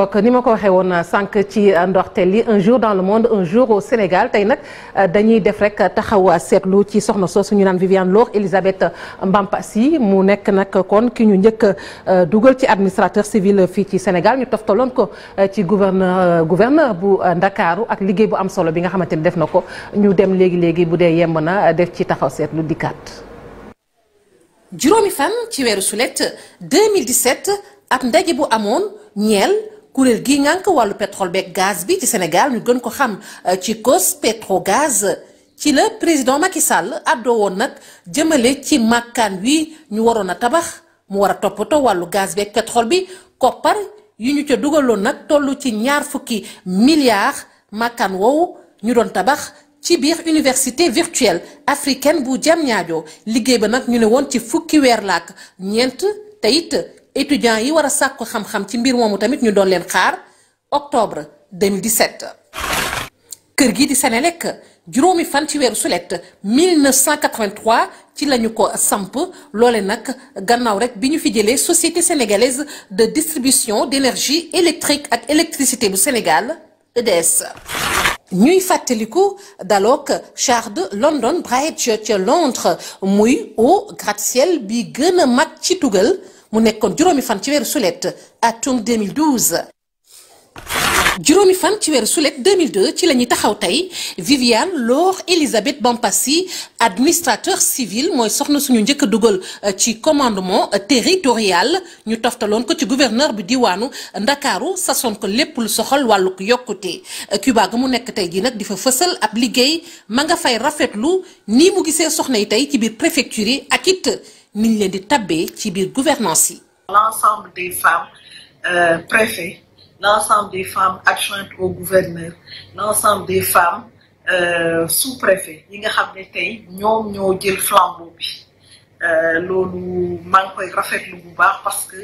d'accord ni ma ko waxee woon euh, sànq ci euh, ndorteel yi un jour dans le monde un jour au Sénégal tey nag euh, dañuy def rek taxaw seetlu ci soxna soosu ñu naan Viviane Loor mbampa si mu nekk nag kon ki ñu njëkk dugal ci administrateur civil fii ci Sénégal ñu toftaloon ko ci gouverneur gouverneur bu Ndakaaru ak liggéey bu am solo bi nga xamante ni def na ko ñu dem léegi léegi bu dee yemb na def ci taxaw seetlu dikkaat. juróomi fan ci weeru sulet 2017 ab ndaje bu amoon ñeel kuréel gi ngànk wàllu pétrole beeg gaz bi ci Sénégal ñu gën ko xam euh, ci cos gaz ci la président Macky Sall àddoo woon nag jëmale ci màkkaan wi ñu waroon a tabax mu war a toppatoo wàllu gaz beeg pétrole bi koppar yi ñu ci dugaloon nag toll ci ñaar fukki milliards màkkaan woowu ñu doon tabax ci biir université virtuelle africaine bu Diamniadio liggéey ba nag ñu ne woon ci fukki weer laak ñeent te étudiants yi war a sàkku xam-xam ci mbir moomu tamit ñu doon leen xaar octobre 2017. kër gi di Senelec juróomi fan ci weeru sulet 1983 ci lañu ko samp loole nag gannaaw rek bi ñu fi jëlee société sénégalaise de distribution d'énergie électrique ak électricité bu Sénégal EDS. ñuy fàttaliku daloog Charles de London Bridge ca Londres muy au gratte-ciel bi gën a mag ci tugal. mu nekkoon juróomi fan ci weeru sulet atum 2012. juróomi fan ci weeru sulet 2002 ci la ñuy taxaw tey Viviane Laure Elisabeth Bampassi administrateur civil mooy soxna suñu njëkk a dugal euh, ci commandement euh, territorial ñu toftaloon ko ci gouverneur bi diwaanu euh, Ndakaaru sasoon ko lépp lu soxal wàllu yokkute Cuba ga mu nekk tey jii nag di fa fësal ab liggéey ma nga fay rafetlu nii mu gisee soxna yi tey ci biir préfecture yi ak it nit leen di tabbee ci biir gouvernance yi l'ensemble des femmes euh, préfets l'ensemble des femmes adjointes au gouverneur l'ensemble des femmes euh, sous-préfets yi nga xam ne tey ñoom ñoo jël flambeau bi euh, loolu maa ngi koy rafetlu bu baax parce que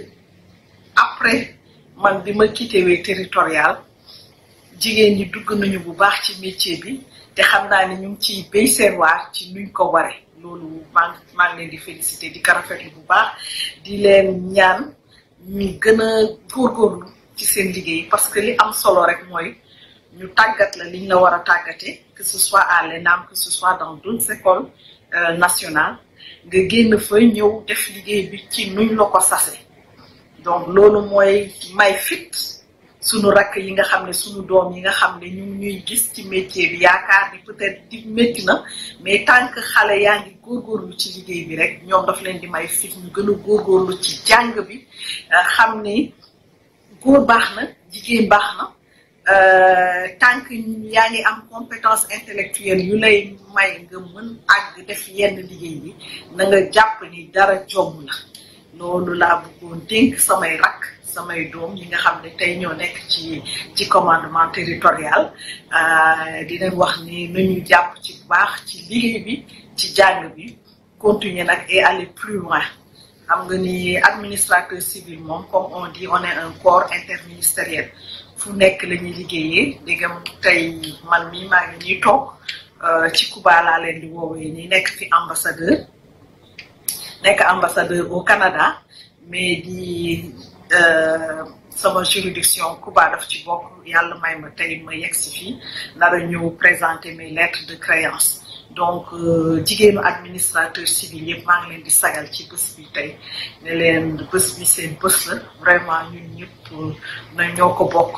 après man bi ma quitté territorial jigéen ñi dugg nañu bu baax ci métier bi te xam naa ni ñu ngi ciy béy seen waar ci nuñ ko waree loolu maa maa ngi leen di félicité di ko rafetlu bu baax di leen ñaan ñu gën a góorgóorlu ci seen liggéey parce que li am solo rek mooy ñu tàggat la liñ la war a tàggate que ce soit à l'ENAM que ce soit dans d'autres écoles euh, nationales nga génn fa ñëw def liggéey bi ci nuñ la ko sase donc loolu mooy may fit sunu rakk yi nga xam ne suñu doom yi nga xam ne ñu ñuy gis ci métier bi yaakaar ni peut-être di métti na mais tànk xale yaa ngi góorgóorlu ci liggéey bi rek ñoom daf leen di may fit ñu gën a góorgóorlu ci jàng bi euh, xam ni góor baax na jigéen baax na euh, tant que yaa ngi am compétence intellectuelle yu lay may nga mën àgg def yenn liggéey bi na nga jàpp ni dara jomb la loolu laa bëggoon dénk samay rakk samay doom yi nga xam ne tey ñoo nekk ci ci commandement territorial euh, di wax ni nañu jàpp ci baax ci liggéey bi ci jàng bi continuer nag et aller plus loin xam nga ni administrateur civil moom comme on dit on est un corps interministériel fu nekk lañuy ñuy liggéeyee dégam tey man mii maa ngi ñuy toog euh, ci Cuba di woowee ñi nekk fi ambassadeur nekk ambassadeur au Canada mais di Euh, sama juridiction Cuba daf ci bokk yàlla may ma tey ma yegg si fii nar a ñëw présenter mes de créance donc euh, jigéenu administrateur civil yëpp maa ngi leen di sagal ci bés bi tey ne leen bés bi seen bés la vraiment ñun ñëpp na euh, ñoo ko bokk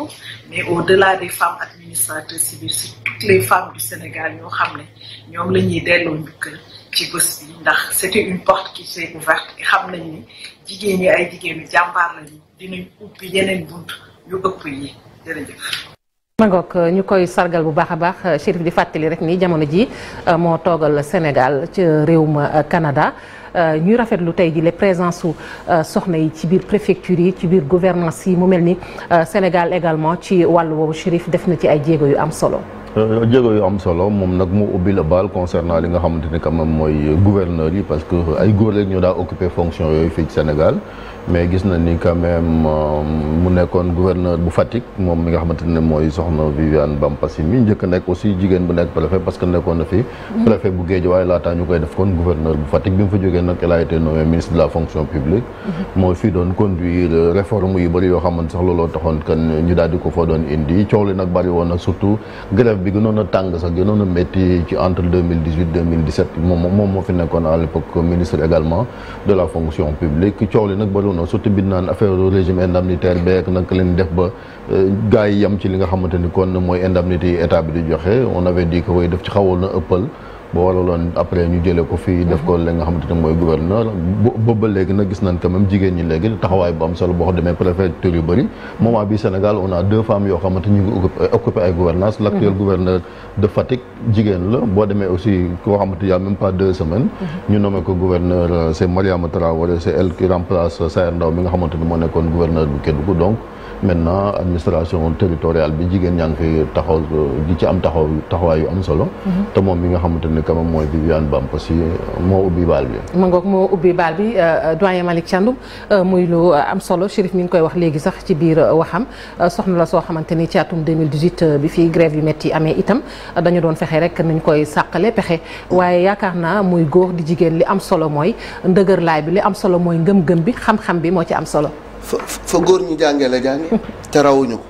mais au delà des femmes administrateurs civils c'est toutes les femmes du Sénégal ñoo xam ne ñoom la ñuy delloo njukkal ci bés bi ndax c'était une porte qui s'est ouverte et xam nañu ni jigéen ñi ay jigéenu jàmbaar lañu dinañ ubbi yeneen bunt yu ëpp yi jërëjëf mangook ñu koy sargal bu baax a baax Chérif di fàttali rek ni jamono ji euh, moo toogal Sénégal ci réewum euh, Canada euh, ñuy rafetlu tey ji les présence su soxna yi ci biir préfecture yi ci biir gouvernance yi mu mel ni Sénégal également ci wàllu boobu Chérif def na ci ay jéego yu am solo Euh, jéego am solo moom nag mu ubbi la baal concernant li nga xamante ne quand même mooy gouverneur yi parce que ay góor rek ñoo daa occupé fonction yooyu fii ci Sénégal mais gis na ni quand même euh, mu nekkoon gouverneur bu Fatick moom mi nga xamante ne mooy soxna Viviane Bampassimi njëkk nekk aussi jigéen bu nekk préfet parce que nekkoon na fi mm-hmm. préfet bu Guédiawaye laataa ñu koy def kon gouverneur bu Fatick bi mu fa jógee nag elle a été nommée ministre de la fonction publique mm-hmm. mooy fii doon euh, yu bëri yoo xamante sax looloo taxoon kan ñu daal di ko fa doon indi coow li nag woon nag surtout bi gënoon a tàng sax gënoon a métti ci entre deux mille dix huit deux mille dix sept moom moom moo fi nekkoon à l'époque ministre également de la fonction publique coow li nag bariwoon surtout bi naan affaire régime indemnitaire beeg naka leen def ba euh, gars yam ci li nga xamante ni kon mooy indemnité yi état bi di joxe on avait dit que way def ci xawoon na ëppal. boo waraloon après ñu jëlee ko fii def ko la nga xamante ne mooy gouverneur boobu ba léegi nag gis nan quand même jigéen ñi léegi taxawaay bu am solo boo xam demee préfecture yu bëri moment bi Sénégal on a deux femmes yoo xamante ñu ngi euh, mm-hmm. la boo demee aussi koo xamante y a même pas deux semaines mm-hmm. ñu nommé ko gouverneur euh, c' Mariama Traoré c' est elle remplace Sayer Ndaw mi nga xamante ne moo nekkoon gouverneur bu Kédougou donc maintenant administration territoriale bi jigéen ñaa ngi fi taxaw di ci am taxaw taxawaay yu am solo. Mhm. te moom mi nga xamante ne quand même mooy Viviane Bampassi moo ubbi baal bi. ma ngoog moo ubbi baal bi euh, euh, doyen Malick Thiandoum euh, muy lu am solo Chérif mi ngi koy wax léegi sax ci biir waxam soxna la soo xamante caatum ci atum 2018 bi fii grève yu métti amee itam dañu doon fexe rek nuñ koy sàqale pexe waaye yaakaar naa muy góor di jigéen li am solo mooy ndëgërlaay bi li am solo mooy ngëm-ngëm bi xam bi moo ci am solo. fa góor ñu jàngee la jànge te rawuñu ko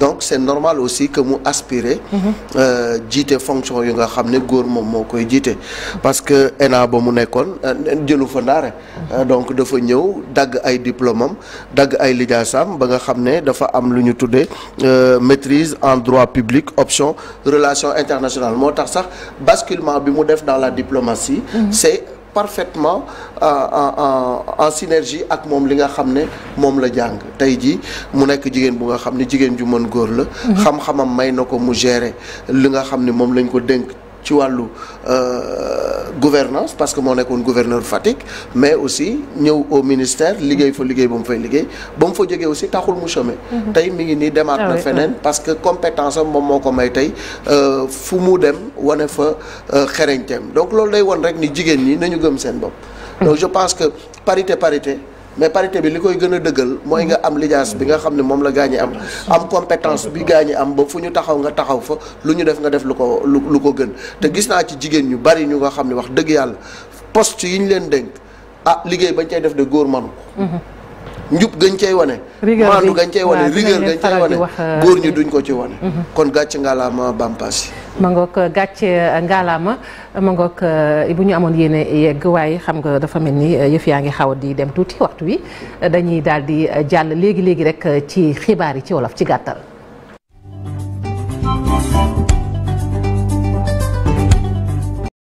donc c'est normal aussi que mu aspirer mm-hmm. euh, jiite fonction yu nga xam ne góor moom moo koy jiite parce que ENA ba mu nekkoon euh, jëlu fa ndaare mm-hmm. euh, donc dafa ñëw dagg ay diplomam dagg ay lijaasam ba nga xam ne dafa am lu ñu tuddee maitrise en droit public option relations internationales moo tax sax basculement bi mu def dans la diplomatie mm-hmm. c'est parfaitement en euh, euh, euh, en synergie ak moom li nga xam ne moom la jàng tey ji mu nekk jigéen bu nga xam ne jigéen ju mën góor la. Mhm. xam-xamam may na ko mu gérer li nga xam ne moom lañ ko dénk. ci wàllu euh, gouvernance parce que moo nekkoon gouverneur Fatick mais aussi ñëw au ministère liggéey fa liggéey ba mu fay liggéey ba mu fa jógee aussi taxul mu chômer mhm. tey mi ngi nii demaat na ah feneen ah. parce que compétence am moom moo ko may tey euh, fu mu dem wane fa euh, xereñteem donc loolu day won rek ni jigéen ñi nañu gëm seen bopp mhm. donc je pense que parité parité mais parité bi li koy gën a dëggal mooy nga am lijaas bi nga xam ne moom la gaa ñi am am compétence bi gaa ñi am ba fu ñu taxaw nga taxaw fa lu ñu def nga def lu ko lu ko gën te gis naa ci jigéen ñu bari ñu nga xam ne wax dëgg yàlla poste yi ñu leen dénk ah liggéey bañ cay def de góor manu ko mm-hmm. njub gañ cay wane. maandu gañ cay wane rigueur gañ cay wane euh, góor ñi duñ ko ci wane. Mhm. kon gàcce ngalaama Bampas. ma ngoog euh, gàcce euh, ngalaama ma ngoog bu ñu amoon yéene yegg waaye xam nga dafa mel ni yëf yaa ngi xaw di dem tuuti waxtu wi dañuy daal di jàll léegi léegi rek ci xibaar yi ci wolof ci gàttal.